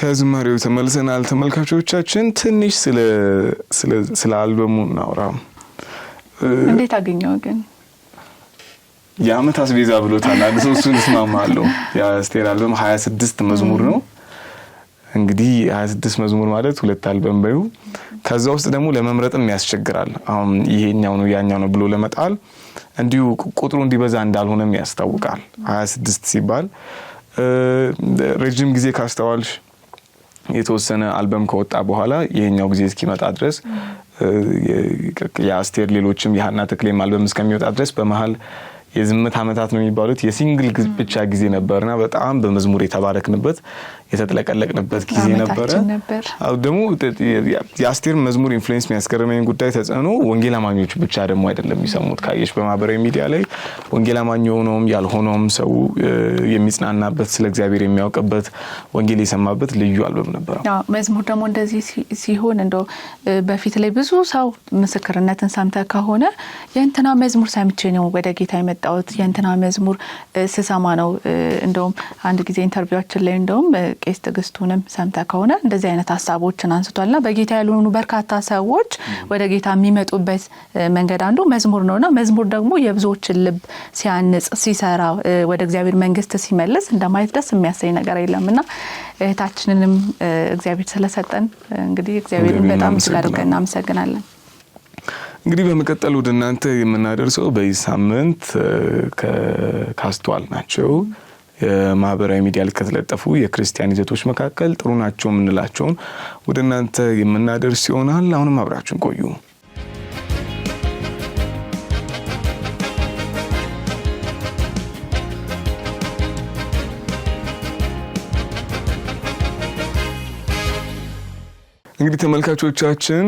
ከዝማሬው ተመልሰናል። ተመልካቾቻችን ትንሽ ስለ አልበሙ እናውራ። እንዴት አገኘው ግን የአመት አስቤዛ ብሎታል አንድ ሰው። እሱን እስማማለሁ። የአስቴር አልበም ሀያ ስድስት መዝሙር ነው እንግዲህ ሀያ ስድስት መዝሙር ማለት ሁለት አልበም በዩ። ከዛ ውስጥ ደግሞ ለመምረጥም ያስቸግራል። አሁን ይሄኛው ነው ያኛው ነው ብሎ ለመጣል እንዲሁ ቁጥሩ እንዲበዛ እንዳልሆነም ያስታውቃል። ሀያ ስድስት ሲባል ረጅም ጊዜ ካስተዋልሽ የተወሰነ አልበም ከወጣ በኋላ ይሄኛው ጊዜ እስኪመጣ ድረስ የአስቴር ሌሎችም የሀና ተክሌም አልበም እስከሚወጣ ድረስ በመሀል የዝምት ዓመታት ነው የሚባሉት የሲንግል ብቻ ጊዜ ነበርና በጣም በመዝሙር የተባረክንበት የተጥለቀለቅንበት ጊዜ ነበረ። ደግሞ የአስቴር መዝሙር ኢንፍሉዌንስ የሚያስገርመኝ ጉዳይ ተጽዕኖ ወንጌል አማኞች ብቻ ደግሞ አይደለም የሚሰሙት። ካየች በማህበራዊ ሚዲያ ላይ ወንጌል አማኝ የሆነውም ያልሆነውም ሰው የሚጽናናበት ስለ እግዚአብሔር የሚያውቅበት ወንጌል የሰማበት ልዩ አልበም ነበረ። መዝሙር ደግሞ እንደዚህ ሲሆን እንደ በፊት ላይ ብዙ ሰው ምስክርነትን ሰምተ ከሆነ የእንትና መዝሙር ሰምቼ ነው ወደ ጌታ የመጣ የመጣሁት የእንትና መዝሙር ስሰማ ነው። እንደውም አንድ ጊዜ ኢንተርቪዋችን ላይ እንደውም ቄስ ትዕግስቱንም ሰምተ ከሆነ እንደዚህ አይነት ሀሳቦችን አንስቷልና በጌታ ያልሆኑ በርካታ ሰዎች ወደ ጌታ የሚመጡበት መንገድ አንዱ መዝሙር ና መዝሙር ደግሞ የብዙዎችን ልብ ሲያንጽ ሲሰራ ወደ እግዚአብሔር መንግስት ሲመልስ እንደማየት ደስ የሚያሰኝ ነገር ና እህታችንንም እግዚአብሔር ስለሰጠን እንግዲህ እግዚአብሔርን በጣም ስላደርገ እናመሰግናለን። እንግዲህ በመቀጠል ወደ እናንተ የምናደርሰው በዚህ ሳምንት ካስተዋል ናቸው የማህበራዊ ሚዲያ ላይ ከተለጠፉ የክርስቲያን ይዘቶች መካከል ጥሩ ናቸው የምንላቸውን ወደ እናንተ የምናደርስ ይሆናል። አሁንም አብራችን ቆዩ። እንግዲህ ተመልካቾቻችን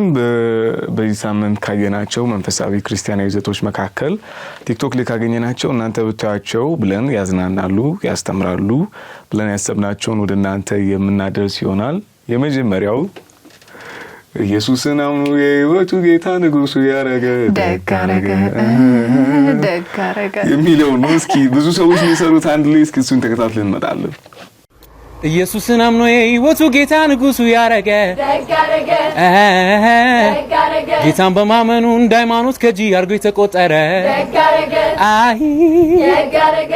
በዚህ ሳምንት ካየናቸው መንፈሳዊ ክርስቲያናዊ ይዘቶች መካከል ቲክቶክ ላይ ካገኘናቸው እናንተ ብታያቸው ብለን ያዝናናሉ፣ ያስተምራሉ ብለን ያሰብናቸውን ወደ እናንተ የምናደርስ ይሆናል። የመጀመሪያው ኢየሱስን አምኑ የህይወቱ ጌታ ንጉሱ ያረገ ደግ የሚለው ነው። እስኪ ብዙ ሰዎች የሚሰሩት አንድ ላይ እስኪ እሱን ተከታትለን እንመጣለን። ኢየሱስን አምኖ የህይወቱ ጌታ ንጉሱ ያረገ ጌታን በማመኑ እንደ ሃይማኖት ከጂ አድርጎ የተቆጠረ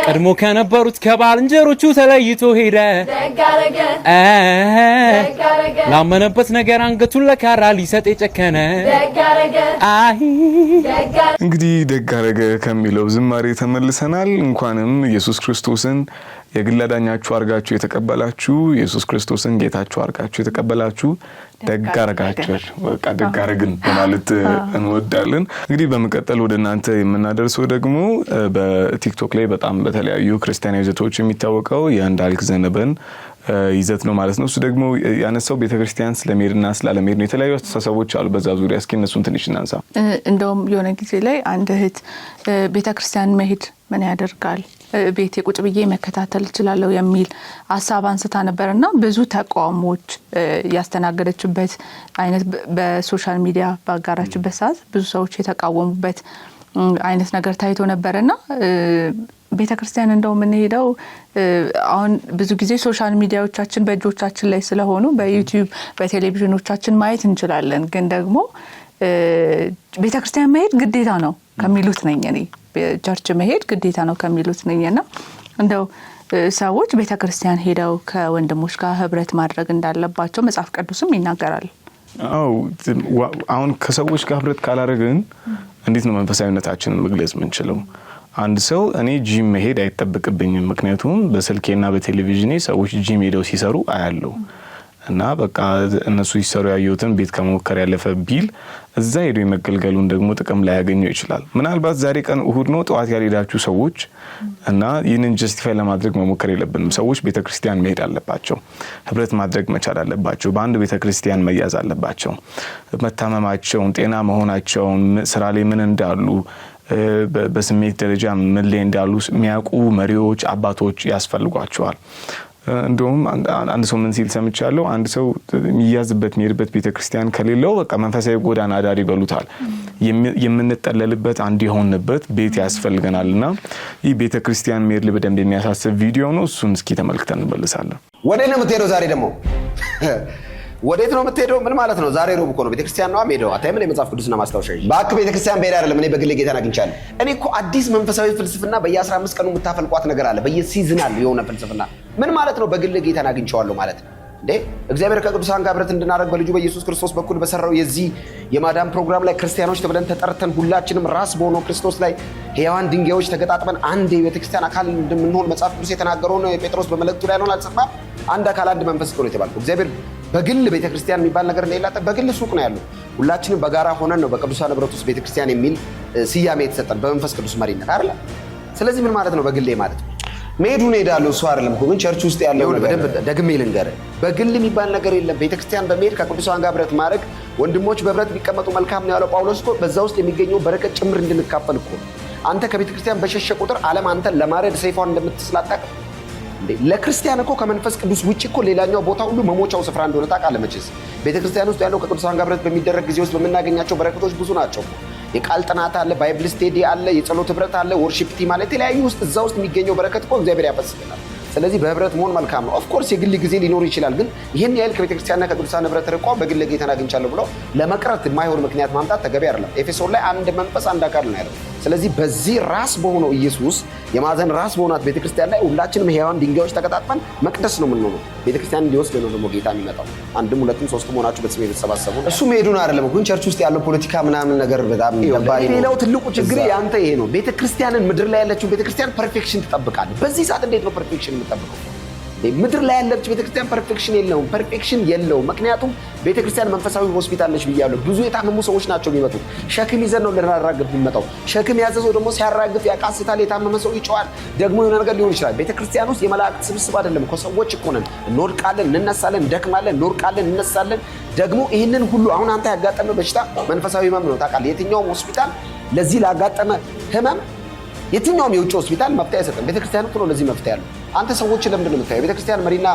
ቀድሞ ከነበሩት ከባልንጀሮቹ ተለይቶ ሄደ። ላመነበት ነገር አንገቱን ለካራ ሊሰጥ የጨከነ እንግዲህ ደግ አረገ ከሚለው ዝማሬ ተመልሰናል። እንኳንም ኢየሱስ ክርስቶስን የግል አዳኛችሁ አድርጋችሁ የተቀበላችሁ ኢየሱስ ክርስቶስን ጌታችሁ አድርጋችሁ የተቀበላችሁ ደግ አረጋችሁ በቃ ደግ በማለት እንወዳለን። እንግዲህ በመቀጠል ወደ እናንተ የምናደርሰው ደግሞ በቲክቶክ ላይ በጣም በተለያዩ ክርስቲያናዊ ይዘቶች የሚታወቀው አልክ ዘነበን ይዘት ነው ማለት ነው። እሱ ደግሞ ያነሳው ቤተክርስቲያን ስለመሄድና ስላለመሄድ ነው። የተለያዩ አስተሳሰቦች አሉ በዛ ዙሪያ። እስኪ እነሱን ትንሽ እናንሳ። እንደውም የሆነ ጊዜ ላይ አንድ እህት ቤተክርስቲያን መሄድ ምን ያደርጋል ቤት የቁጭ ብዬ መከታተል እችላለሁ የሚል ሀሳብ አንስታ ነበር እና ብዙ ተቃውሞዎች ያስተናገደችበት አይነት በሶሻል ሚዲያ ባጋራችበት ሰዓት ብዙ ሰዎች የተቃወሙበት አይነት ነገር ታይቶ ነበር እና ቤተ ክርስቲያን እንደው የምንሄደው አሁን ብዙ ጊዜ ሶሻል ሚዲያዎቻችን በእጆቻችን ላይ ስለሆኑ በዩቲዩብ በቴሌቪዥኖቻችን ማየት እንችላለን። ግን ደግሞ ቤተ ክርስቲያን ማየት ግዴታ ነው ከሚሉት ነኝ እኔ ቸርች መሄድ ግዴታ ነው ከሚሉት ነኝ ና እንደው ሰዎች ቤተ ክርስቲያን ሄደው ከወንድሞች ጋር ህብረት ማድረግ እንዳለባቸው መጽሐፍ ቅዱስም ይናገራል። አሁን ከሰዎች ጋር ህብረት ካላደረግን እንዴት ነው መንፈሳዊነታችንን መግለጽ የምንችለው? አንድ ሰው እኔ ጂም መሄድ አይጠበቅብኝም፣ ምክንያቱም በስልኬና በቴሌቪዥኔ ሰዎች ጂም ሄደው ሲሰሩ አያለው። እና በቃ እነሱ ሲሰሩ ያየሁትን ቤት ከመሞከር ያለፈ ቢል እዛ ሄዶ የመገልገሉን ደግሞ ጥቅም ላይ ያገኘው ይችላል። ምናልባት ዛሬ ቀን እሁድ ነው ጠዋት ያልሄዳችሁ ሰዎች እና ይህንን ጀስቲፋይ ለማድረግ መሞከር የለብንም። ሰዎች ቤተ ክርስቲያን መሄድ አለባቸው፣ ህብረት ማድረግ መቻል አለባቸው፣ በአንድ ቤተ ክርስቲያን መያዝ አለባቸው። መታመማቸውን፣ ጤና መሆናቸውን፣ ስራ ላይ ምን እንዳሉ በስሜት ደረጃ ምን ላይ እንዳሉ የሚያውቁ መሪዎች፣ አባቶች ያስፈልጓቸዋል። እንዲሁም አንድ ሰው ምን ሲል ሰምቻለሁ፣ አንድ ሰው የሚያዝበት የሚሄድበት ቤተክርስቲያን ከሌለው በቃ መንፈሳዊ ጎዳና ዳር ይበሉታል። የምንጠለልበት አንድ የሆንበት ቤት ያስፈልገናል እና ይህ ቤተክርስቲያን መሄድ በደንብ የሚያሳስብ ቪዲዮ ነው። እሱን እስኪ ተመልክተን እንመልሳለን። ወደ ነው የምትሄደው ዛሬ ደግሞ ወዴት ነው የምትሄደው? ምን ማለት ነው? ዛሬ ሮብ እኮ ነው። ቤተክርስቲያን ነው ሄደው አታይም? የመጽሐፍ ቅዱስና ማስታወሻ እባክህ ቤተክርስቲያን በሄድ አይደለም። እኔ በግሌ ጌታን አግኝቻለሁ። እኔ እኮ አዲስ መንፈሳዊ ፍልስፍና በየ15 ቀኑ የምታፈልቋት ነገር አለ። በየሲዝናል የሆነ ፍልስፍና ምን ማለት ነው? በግሌ ጌታን አግኝቼዋለሁ ማለት እንዴ እግዚአብሔር ከቅዱሳን ጋር ብረት እንድናደርግ በልጁ በኢየሱስ ክርስቶስ በኩል በሰራው የዚህ የማዳን ፕሮግራም ላይ ክርስቲያኖች ተብለን ተጠርተን ሁላችንም ራስ በሆነው ክርስቶስ ላይ ሕያዋን ድንጋዮች ተገጣጥመን አንድ የቤተክርስቲያን አካል እንደምንሆን መጽሐፍ ቅዱስ የተናገረውን ጴጥሮስ በመልእክቱ ላይ ሆን አልጽፋ አንድ አካል አንድ መንፈስ ሆነ የተባልኩ እግዚአብሔር በግል ቤተክርስቲያን የሚባል ነገር እንደሌላት በግል ሱቅ ነው ያለው። ሁላችንም በጋራ ሆነን ነው በቅዱሳን ህብረት ውስጥ ቤተክርስቲያን የሚል ስያሜ የተሰጠን በመንፈስ ቅዱስ መሪነት አለ። ስለዚህ ምን ማለት ነው? በግሌ ማለት ነው መሄዱን እሱ አይደለም እኮ ግን ቸርች ውስጥ ያለው በደንብ ደግሜ ልንገር፣ በግል የሚባል ነገር የለም። ቤተክርስቲያን በመሄድ ከቅዱሳን ጋር ህብረት ማድረግ፣ ወንድሞች በህብረት ቢቀመጡ መልካም ነው ያለው ጳውሎስ እኮ በዛ ውስጥ የሚገኘው በረከት ጭምር እንድንካፈል እኮ። አንተ ከቤተክርስቲያን በሸሸ ቁጥር ዓለም አንተን ለማረድ ሰይፏን እንደምትስላጣቅ ለክርስቲያን እኮ ከመንፈስ ቅዱስ ውጭ እኮ ሌላኛው ቦታ ሁሉ መሞቻው ስፍራ እንደሆነ ታውቃለህ። መቼስ ክርስቲያን ውስጥ ያለው ከቅዱሳን ጋር ህብረት በሚደረግ ጊዜ ውስጥ በምናገኛቸው በረከቶች ብዙ ናቸው። የቃል ጥናት አለ፣ ባይብል ስቴዲ አለ፣ የጸሎት ህብረት አለ፣ ወርሺፕ ቲም አለ። የተለያዩ ውስጥ እዛ ውስጥ የሚገኘው በረከት እኮ እግዚአብሔር ያፈስልናል። ስለዚህ በህብረት መሆን መልካም ነው። ኦፍኮርስ የግል ጊዜ ሊኖር ይችላል። ግን ይህን ያህል ከቤተክርስቲያንና ከቅዱሳን ህብረት ርቆ በግል ጌታን አግኝቻለሁ ብሎ ለመቅረት የማይሆን ምክንያት ማምጣት ተገቢ አይደለም። ኤፌሶን ላይ አንድ መንፈስ አንድ አካል ነው ያለው። ስለዚህ በዚህ ራስ በሆነው ኢየሱስ የማዕዘን ራስ በሆናት ቤተክርስቲያን ላይ ሁላችንም ሕያዋን ድንጋዮች ተቀጣጥፈን መቅደስ ነው የምንሆነው። ቤተክርስቲያን እንዲወስድ ነው ደግሞ ጌታ የሚመጣው። አንድም ሁለትም ሶስትም ሆናችሁ በስሜ የተሰባሰቡ እሱ መሄዱን አይደለም ግን ቸርች ውስጥ ያለው ፖለቲካ ምናምን ነገር በጣም ሌላው ትልቁ ችግር ያንተ ይሄ ነው። ቤተክርስቲያንን ምድር ላይ ያለችው ቤተክርስቲያን ፐርፌክሽን ትጠብቃለህ። በዚህ ሰዓት እንዴት ነው ፐርፌክሽን የምጠብቀው? ምድር ላይ ያለች ቤተክርስቲያን ፐርፌክሽን የለውም፣ ፐርፌክሽን የለውም። ምክንያቱም ቤተክርስቲያን መንፈሳዊ ሆስፒታል ነች ብያሉ ብዙ የታመሙ ሰዎች ናቸው የሚመጡት። ሸክም ይዘን ነው ልናራግፍ የሚመጣው። ሸክም የያዘ ሰው ደግሞ ሲያራግፍ ያቃስታል። የታመመ ሰው ይጨዋል ደግሞ የሆነ ነገር ሊሆን ይችላል። ቤተክርስቲያን ውስጥ የመላእክት ስብስብ አይደለም። ከሰዎች እኮ ነን። እንወድቃለን፣ እንነሳለን፣ እንደክማለን፣ እንወድቃለን፣ እንነሳለን። ደግሞ ይህንን ሁሉ አሁን አንተ ያጋጠመ በሽታ መንፈሳዊ ህመም ነው። ታውቃለህ፣ የትኛውም ሆስፒታል ለዚህ ላጋጠመ ህመም የትኛውም የውጭ ሆስፒታል መፍትሄ አይሰጥም። ቤተክርስቲያን ጥሎ ለዚህ መፍትሄ ያለው አንተ ሰዎችን ለምንድን ነው የምታየው? ቤተክርስቲያን መሪና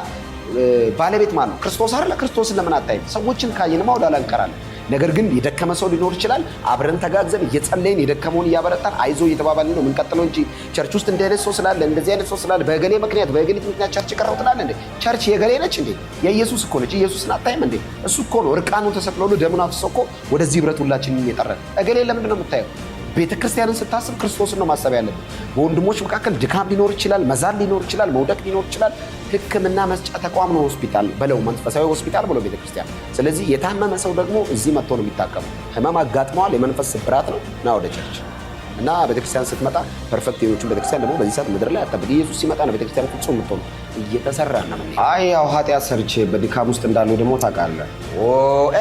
ባለቤት ማን ነው? ክርስቶስ አይደለ? ክርስቶስን ለምን አታይም? ሰዎችን ካየንማ ወደ እንቀራለን። ነገር ግን የደከመ ሰው ሊኖር ይችላል። አብረን ተጋግዘን እየጸለይን የደከመውን እያበረጣን አይዞ እየተባባልን ነው የምንቀጥለው እንጂ ቸርች ውስጥ እንዲህ አይነት ሰው ስላለ እንደዚህ አይነት ሰው ስላለ በገሌ ምክንያት በገሌት ምክንያት ቸርች ቀረው ትላለ እንዴ? ቸርች የገሌ ነች እንዴ? የኢየሱስ እኮ ነች። ኢየሱስን አታይም እንዴ? እሱ እኮ ነው እርቃኑ ተሰቅሎ ደሙን አፍስሶ እኮ ወደዚህ ህብረት ሁላችንን እየጠረን እገሌ ለምንድን ነው የምታየው? ቤተ ክርስቲያንን ስታስብ ክርስቶስን ነው ማሰብ ያለብን። በወንድሞች መካከል ድካም ሊኖር ይችላል፣ መዛል ሊኖር ይችላል፣ መውደቅ ሊኖር ይችላል። ሕክምና መስጫ ተቋም ነው ሆስፒታል በለው፣ መንፈሳዊ ሆስፒታል ብለው ቤተ ክርስቲያን። ስለዚህ የታመመ ሰው ደግሞ እዚህ መጥቶ ነው የሚታቀሙ። ህመም አጋጥመዋል፣ የመንፈስ ስብራት ነው ና ወደ ቸርች እና ቤተክርስቲያን ስትመጣ ፐርፌክት የሆነችን ቤተክርስቲያን ደግሞ በዚህ ሰዓት ምድር ላይ አጠብቅ። ኢየሱስ ሲመጣ ነው ቤተክርስቲያን ፍጹም የምትሆኑ እየተሰራ ነው። አይ ያው ኃጢአት ሰርቼ በድካም ውስጥ እንዳሉ ደግሞ ታውቃለህ።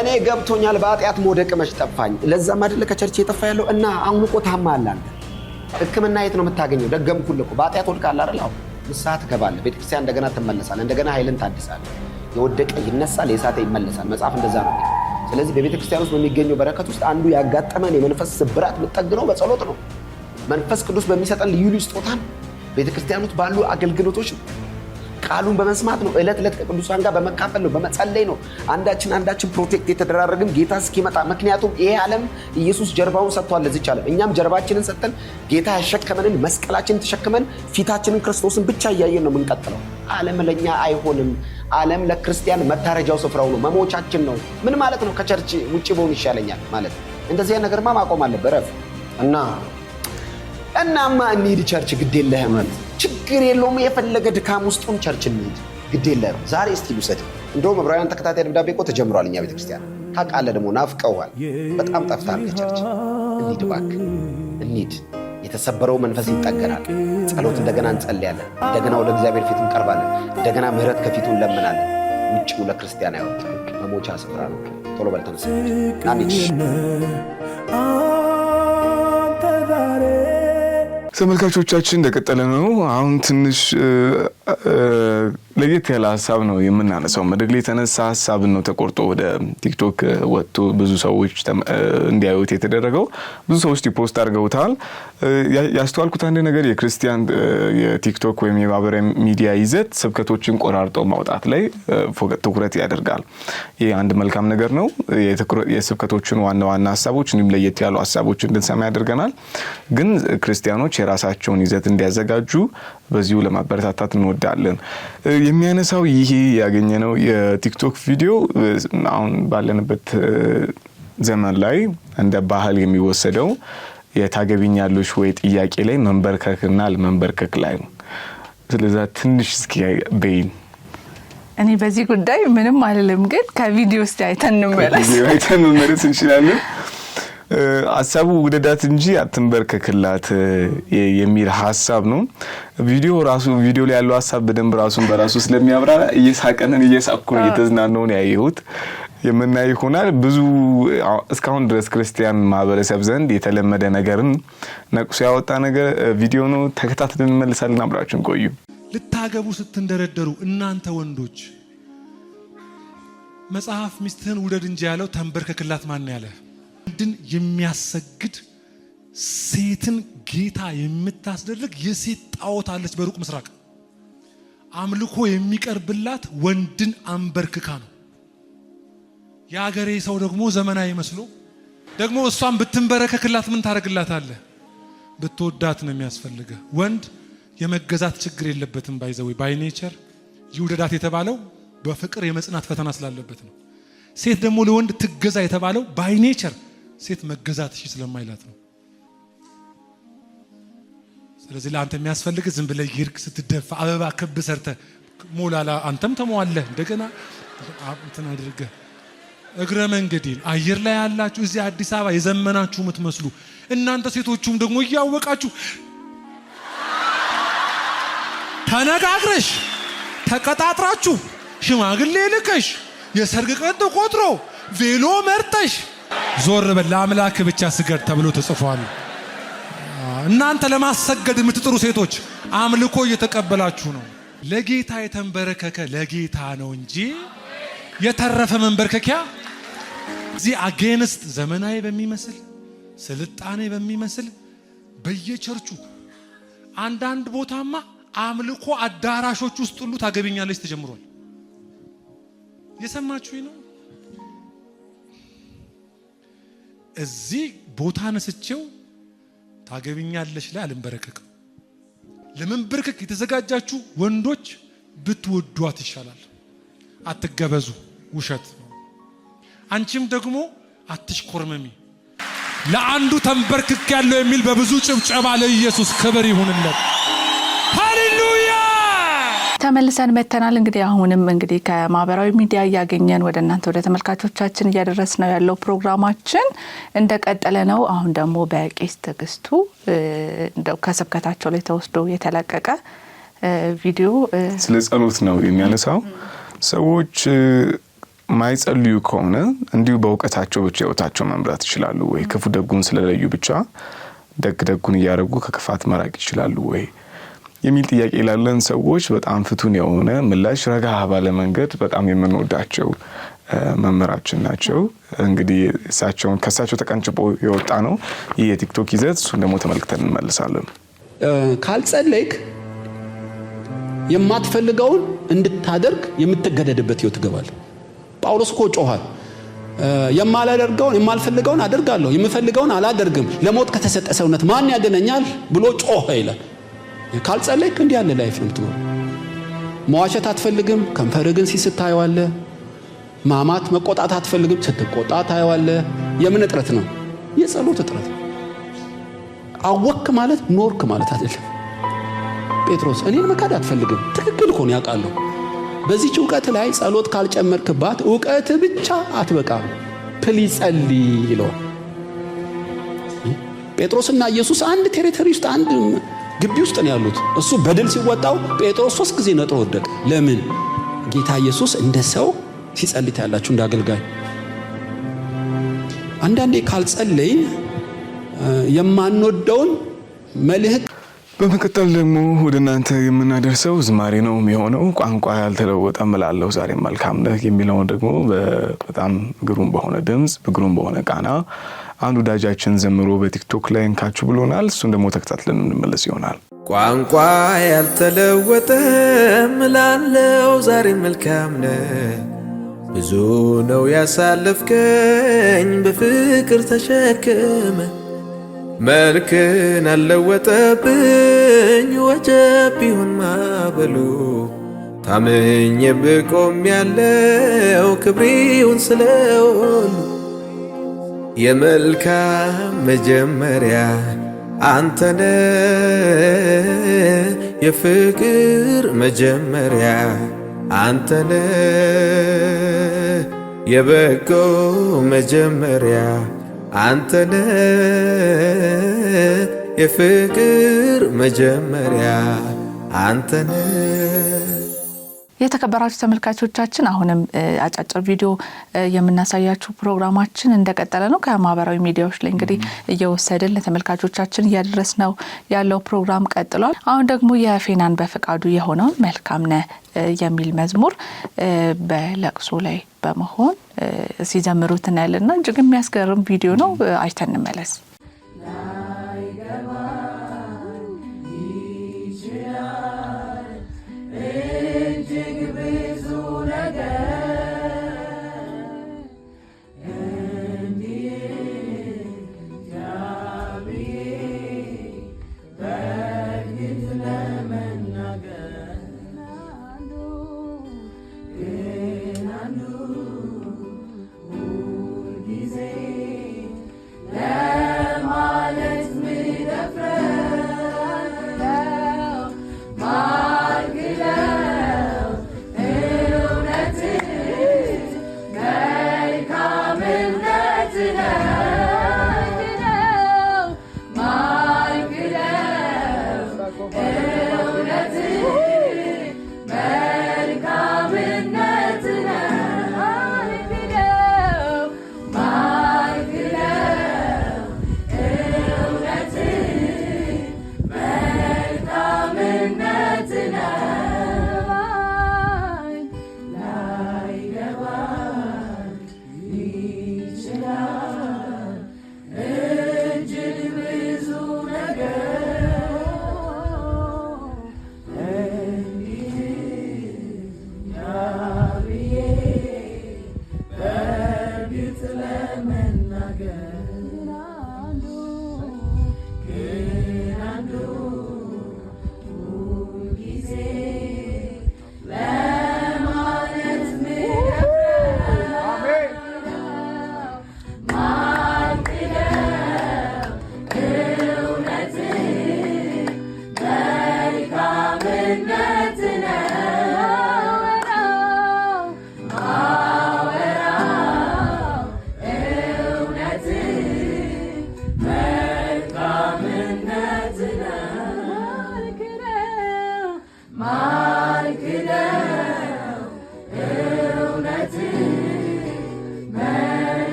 እኔ ገብቶኛል። በኃጢአት መውደቅ መች ጠፋኝ። ለዛም አይደለ ከቸርች የጠፋ ያለው እና አሁን እኮ ታማሃል አለ። ሕክምና የት ነው የምታገኘው? ደገምኩልህ እኮ በኃጢአት ወድቃለህ አይደል? አሁን ንስሐ ትገባለህ። ቤተክርስቲያን እንደገና ትመለሳለህ። እንደገና ኃይልን ታድሳለህ። የወደቀ ይነሳል፣ የሳተ ይመለሳል። መጽሐፍ እንደዛ ነው። ስለዚህ በቤተ ክርስቲያን ውስጥ በሚገኘው በረከት ውስጥ አንዱ ያጋጠመን የመንፈስ ስብራት የምጠግነው በጸሎት ነው። መንፈስ ቅዱስ በሚሰጠን ልዩ ልዩ ስጦታን ቤተ ክርስቲያን ውስጥ ባሉ አገልግሎቶች ነው። ቃሉን በመስማት ነው። ዕለት ዕለት ከቅዱሳን ጋር በመካፈል ነው፣ በመጸለይ ነው። አንዳችን አንዳችን ፕሮቴክት የተደራረግን ጌታ እስኪመጣ። ምክንያቱም ይሄ ዓለም ኢየሱስ ጀርባውን ሰጥቷል ለዚች ዓለም። እኛም ጀርባችንን ሰጥተን ጌታ ያሸከመንን መስቀላችንን ተሸክመን ፊታችንን ክርስቶስን ብቻ እያየን ነው የምንቀጥለው። ዓለም ለእኛ አይሆንም። ዓለም ለክርስቲያን መታረጃው ስፍራው ነው፣ መሞቻችን ነው። ምን ማለት ነው? ከቸርች ውጭ በሆን ይሻለኛል ማለት ነው። እንደዚህ ነገርማ ማቆም አለበት። ረፍ እና እናማ እንሂድ ቸርች፣ ግድ የለህም ችግር የለውም። የፈለገ ድካም ውስጡን ቸርች እንሂድ፣ ግድ የለህም። ዛሬ እስቲ ልውሰድ። እንደውም ዕብራውያን ተከታታይ ደብዳቤ እኮ ተጀምሯል። እኛ ቤተክርስቲያን ታውቃለህ፣ ደግሞ ናፍቀውሃል። በጣም ጠፍታል ከቸርች። እንሂድ እባክህ፣ እንሂድ የተሰበረው መንፈስ ይጠገናል። ጸሎት እንደገና እንጸልያለን። እንደገና ወደ እግዚአብሔር ፊት እንቀርባለን። እንደገና ምሕረት ከፊቱ እንለምናለን። ውጭው ለክርስቲያን ያወጣ መሞቻ ስፍራ ነው። ቶሎ በል ተመልካቾቻችን እንደቀጠለ ነው። አሁን ትንሽ ለየት ያለ ሀሳብ ነው የምናነሳው። መድረክ ላይ የተነሳ ሀሳብን ነው ተቆርጦ ወደ ቲክቶክ ወጥቶ ብዙ ሰዎች እንዲያዩት የተደረገው። ብዙ ሰዎች ሪፖስት አድርገውታል። ያስተዋልኩት አንድ ነገር የክርስቲያን የቲክቶክ ወይም የማህበራዊ ሚዲያ ይዘት ስብከቶችን ቆራርጦ ማውጣት ላይ ትኩረት ያደርጋል። ይህ አንድ መልካም ነገር ነው። የስብከቶችን ዋና ዋና ሀሳቦች እንዲሁም ለየት ያሉ ሀሳቦች እንድንሰማ ያደርገናል። ግን ክርስቲያኖች የራሳቸውን ይዘት እንዲያዘጋጁ በዚሁ ለማበረታታት እንወዳለን። የሚያነሳው ይሄ ያገኘነው የቲክቶክ ቪዲዮ አሁን ባለንበት ዘመን ላይ እንደ ባህል የሚወሰደው የታገቢኛለሽ ወይ ጥያቄ ላይ መንበርከክና አለመንበርከክ ላይ ነው። ስለዛ ትንሽ እስኪ በይን። እኔ በዚህ ጉዳይ ምንም አልልም፣ ግን ከቪዲዮ ውስጥ አይተን እንመለስ አይተን እንመለስ እንችላለን። ሀሳቡ ውደዳት እንጂ አትንበርከክላት የሚል ሀሳብ ነው። ቪዲዮ ራሱ ቪዲዮ ላይ ያለው ሀሳብ በደንብ ራሱን በራሱ ስለሚያብራ እየሳቀንን እየሳቅኩን እየተዝናነውን ያየሁት የምናይ ይሆናል። ብዙ እስካሁን ድረስ ክርስቲያን ማህበረሰብ ዘንድ የተለመደ ነገርን ነቅሶ ያወጣ ነገር ቪዲዮ ነው። ተከታትለን እንመልሳለን። አብራችን ቆዩ። ልታገቡ ስትንደረደሩ እናንተ ወንዶች መጽሐፍ ሚስትህን ውደድ እንጂ ያለው ተንበርከክላት ማን ያለህ? ወንድን የሚያሰግድ ሴትን ጌታ የምታስደርግ የሴት ጣዖት አለች በሩቅ ምስራቅ አምልኮ የሚቀርብላት ወንድን አንበርክካ ነው። የአገሬ ሰው ደግሞ ዘመናዊ መስሎ ደግሞ እሷን ብትንበረከክላት ምን አለ ብትወዳት ነው የሚያስፈልገ። ወንድ የመገዛት ችግር የለበትም። ባይዘዊ ባይ ኔቸር ይውደዳት የተባለው በፍቅር የመጽናት ፈተና ስላለበት ነው። ሴት ደግሞ ለወንድ ትገዛ የተባለው ባይ ኔቸር ሴት መገዛት እሺ ስለማይላት ነው። ስለዚህ ለአንተ የሚያስፈልግ ዝም ብለህ ይርቅ ስትደፋ አበባ ክብ ሰርተ ሞላላ አንተም ተሟለህ እንደገና እንትን አድርገህ እግረ መንገድ አየር ላይ ያላችሁ እዚህ አዲስ አበባ የዘመናችሁ የምትመስሉ እናንተ ሴቶቹም ደግሞ እያወቃችሁ ተነጋግረሽ ተቀጣጥራችሁ ሽማግሌ ልከሽ የሰርግ ቀን ተቆጥሮ ቬሎ መርጠሽ ዞር በል ለአምላክ ብቻ ስገድ ተብሎ ተጽፏል። እናንተ ለማሰገድ የምትጥሩ ሴቶች አምልኮ እየተቀበላችሁ ነው። ለጌታ የተንበረከከ ለጌታ ነው እንጂ የተረፈ መንበርከኪያ እዚህ አጌንስት ዘመናዊ በሚመስል ስልጣኔ በሚመስል በየቸርቹ አንዳንድ ቦታማ አምልኮ አዳራሾች ውስጥ ሁሉ ታገቢኛለች ተጀምሯል። የሰማችሁኝ ነው። እዚህ ቦታ ነስቼው ታገብኛለች ላይ አልንበረከክም። ለመንበረከክ የተዘጋጃችሁ ወንዶች ብትወዷት ይሻላል። አትገበዙ፣ ውሸት ነው። አንቺም ደግሞ አትሽኮርመሚ። ለአንዱ ተንበርክክ ያለው የሚል በብዙ ጭብጨባ ለኢየሱስ ክብር ይሁንለት። ተመልሰን መተናል። እንግዲህ አሁንም እንግዲህ ከማህበራዊ ሚዲያ እያገኘን ወደ እናንተ ወደ ተመልካቾቻችን እያደረስ ነው ያለው ፕሮግራማችን እንደቀጠለ ነው። አሁን ደግሞ በቄስ ትዕግስቱ ከስብከታቸው ላይ ተወስዶ የተለቀቀ ቪዲዮ ስለ ጸሎት ነው የሚያነሳው። ሰዎች ማይጸልዩ ከሆነ እንዲሁ በእውቀታቸው ብቻ ህይወታቸው መምራት ይችላሉ ወይ? ክፉ ደጉን ስለለዩ ብቻ ደግ ደጉን እያደረጉ ከክፋት መራቅ ይችላሉ ወይ? የሚል ጥያቄ ላለን ሰዎች በጣም ፍቱን የሆነ ምላሽ ረጋ ባለ መንገድ በጣም የምንወዳቸው መምህራችን ናቸው። እንግዲህ እሳቸውን ከእሳቸው ተቀንጭቦ የወጣ ነው ይህ የቲክቶክ ይዘት። እሱን ደግሞ ተመልክተን እንመልሳለን። ካልጸለይክ የማትፈልገውን እንድታደርግ የምትገደድበት ህይወት ትገባል። ጳውሎስ እኮ ጮኋል። የማላደርገውን የማልፈልገውን አደርጋለሁ፣ የምፈልገውን አላደርግም፣ ለሞት ከተሰጠ ሰውነት ማን ያድነኛል ብሎ ጮኸ ይላል። ካልጸለይክ እንዲህ ያለ ላይፍ ነው መዋሸት አትፈልግም፣ ከንፈር ግን ሲስት ማማት መቆጣት አትፈልግም፣ ስትቆጣ ታየዋለህ። የምን እጥረት ነው? የጸሎት እጥረት። አወክ ማለት ኖርክ ማለት አይደለም። ጴጥሮስ እኔን መካድ አትፈልግም፣ ትክክል እኮ ነው ያውቃለሁ። በዚች እውቀት ላይ ጸሎት ካልጨመርክባት እውቀት ብቻ አትበቃም። ፕሊዝ ጸልይ ይለዋል። ጴጥሮስና ኢየሱስ አንድ ቴሪተሪ ውስጥ አንድ ግቢ ውስጥ ነው ያሉት። እሱ በድል ሲወጣው ጴጥሮስ ሶስት ጊዜ ነጥሮ ወደቀ። ለምን? ጌታ ኢየሱስ እንደ ሰው ሲጸልይ ያላችሁ እንደ አገልጋይ አንዳንዴ ካልጸለይ የማንወደውን መልህቅ በመቀጠል ደግሞ ወደ እናንተ የምናደርሰው ዝማሬ ነው የሚሆነው። ቋንቋ ያልተለወጠ እምላለሁ ዛሬ መልካም ነህ የሚለውን ደግሞ በጣም ግሩም በሆነ ድምፅ በግሩም በሆነ ቃና አንድ ወዳጃችን ዘምሮ በቲክቶክ ላይ እንካችሁ ብሎናል። እሱን ደግሞ ተከታትለን እንመለስ ይሆናል። ቋንቋ ያልተለወጠ ምላለው ዛሬ መልካም ነ ብዙ ነው ያሳለፍከኝ በፍቅር ተሸክመ መልክን አለወጠብኝ ወጀብ ቢሆን ማበሉ ታምኜ ብቆም ያለው ክብሪውን ስለሆኑ የመልካም መጀመሪያ አንተነ የፍቅር መጀመሪያ አንተነ የበጎ መጀመሪያ አንተነ የፍቅር መጀመሪያ አንተነ የተከበራችሁ ተመልካቾቻችን አሁንም አጫጭር ቪዲዮ የምናሳያችሁ ፕሮግራማችን እንደቀጠለ ነው። ከማህበራዊ ሚዲያዎች ላይ እንግዲህ እየወሰድን ለተመልካቾቻችን እያደረስ ነው ያለው ፕሮግራም ቀጥሏል። አሁን ደግሞ የፌናን በፈቃዱ የሆነውን መልካም ነ የሚል መዝሙር በለቅሶ ላይ በመሆን ሲዘምሩት እናያለንና እጅግ የሚያስገርም ቪዲዮ ነው። አይተን እንመለስ።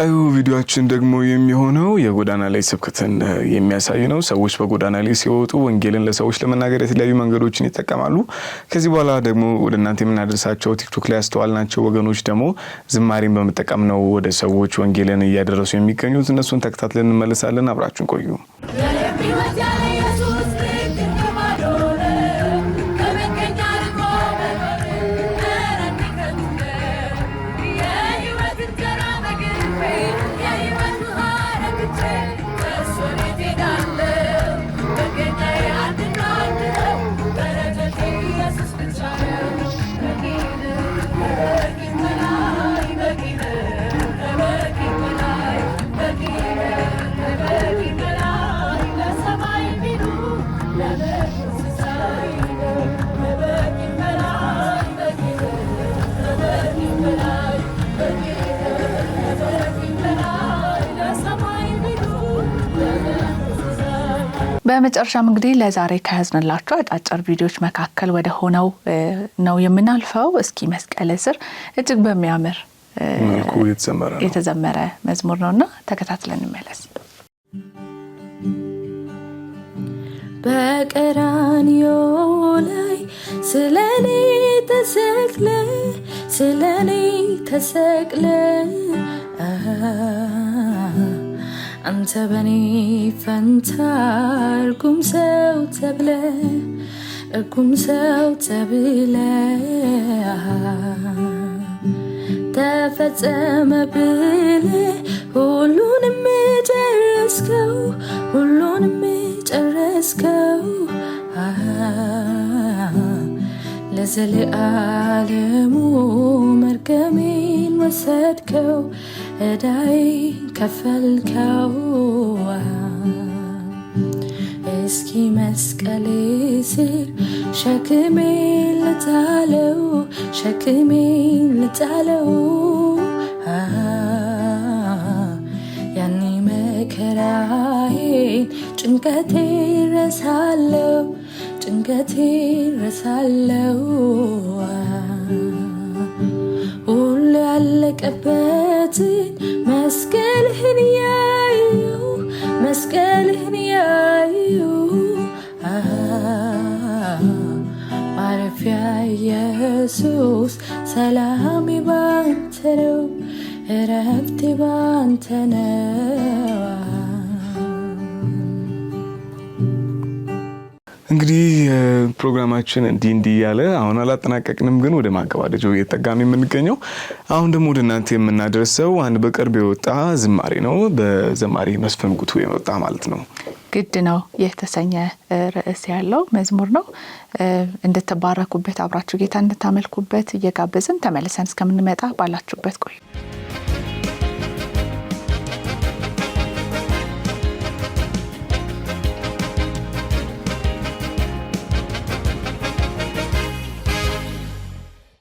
ቀጣዩ ቪዲዮችን ደግሞ የሚሆነው የጎዳና ላይ ስብከትን የሚያሳይ ነው። ሰዎች በጎዳና ላይ ሲወጡ ወንጌልን ለሰዎች ለመናገር የተለያዩ መንገዶችን ይጠቀማሉ። ከዚህ በኋላ ደግሞ ወደ እናንተ የምናደርሳቸው ቲክቶክ ላይ ያስተዋልናቸው ወገኖች ደግሞ ዝማሬን በመጠቀም ነው ወደ ሰዎች ወንጌልን እያደረሱ የሚገኙት። እነሱን ተከታትለን እንመለሳለን። አብራችን ቆዩ። በመጨረሻም እንግዲህ ለዛሬ ከያዝንላቸው አጫጭር ቪዲዮዎች መካከል ወደ ሆነው ነው የምናልፈው። እስኪ መስቀል ስር እጅግ በሚያምር መልኩ የተዘመረ መዝሙር እና ተከታትለን እንመለስ። በቀራንዮ ላይ ስለኔ ተሰቅለ ስለኔ ተሰቅለ አንተ በኔ ፈንታ እርጉም ሰው ተብለ እርጉም ሰው ተብለ ተፈጸመ ብለ ሁሉንም ጨረስከው ሁሉንም ጨረስከው ለዘለዓለሙ መርገሜን ወሰድከው እዳይ ከፈልከው እስኪ መስቀሌ ስር ሸክሜ ልጣለው ሸክሜ ልጣለው ያኔ መከራዬን ጭንቀቴ ረሳለው ጭንቀቴ ረሳለው ሁሉ ያለቀበት ሕይወትን መስቀልህን ያየው መስቀልህን ያየው ማረፊያ ኢየሱስ ሰላሜ ባንተ ነው፣ እረፍቴ ባንተ ነው። ፕሮግራማችን እንዲህ እንዲህ እያለ አሁን አላጠናቀቅንም፣ ግን ወደ ማገባደጃው እየተጠጋሚ የምንገኘው አሁን ደግሞ ወደ እናንተ የምናደርሰው አንድ በቅርብ የወጣ ዝማሬ ነው። በዘማሪ መስፍን ጉቱ የወጣ ማለት ነው። ግድ ነው የተሰኘ ርዕስ ያለው መዝሙር ነው። እንድትባረኩበት፣ አብራችሁ ጌታ እንድታመልኩበት እየጋበዝን ተመልሰን እስከምንመጣ ባላችሁበት ቆዩ።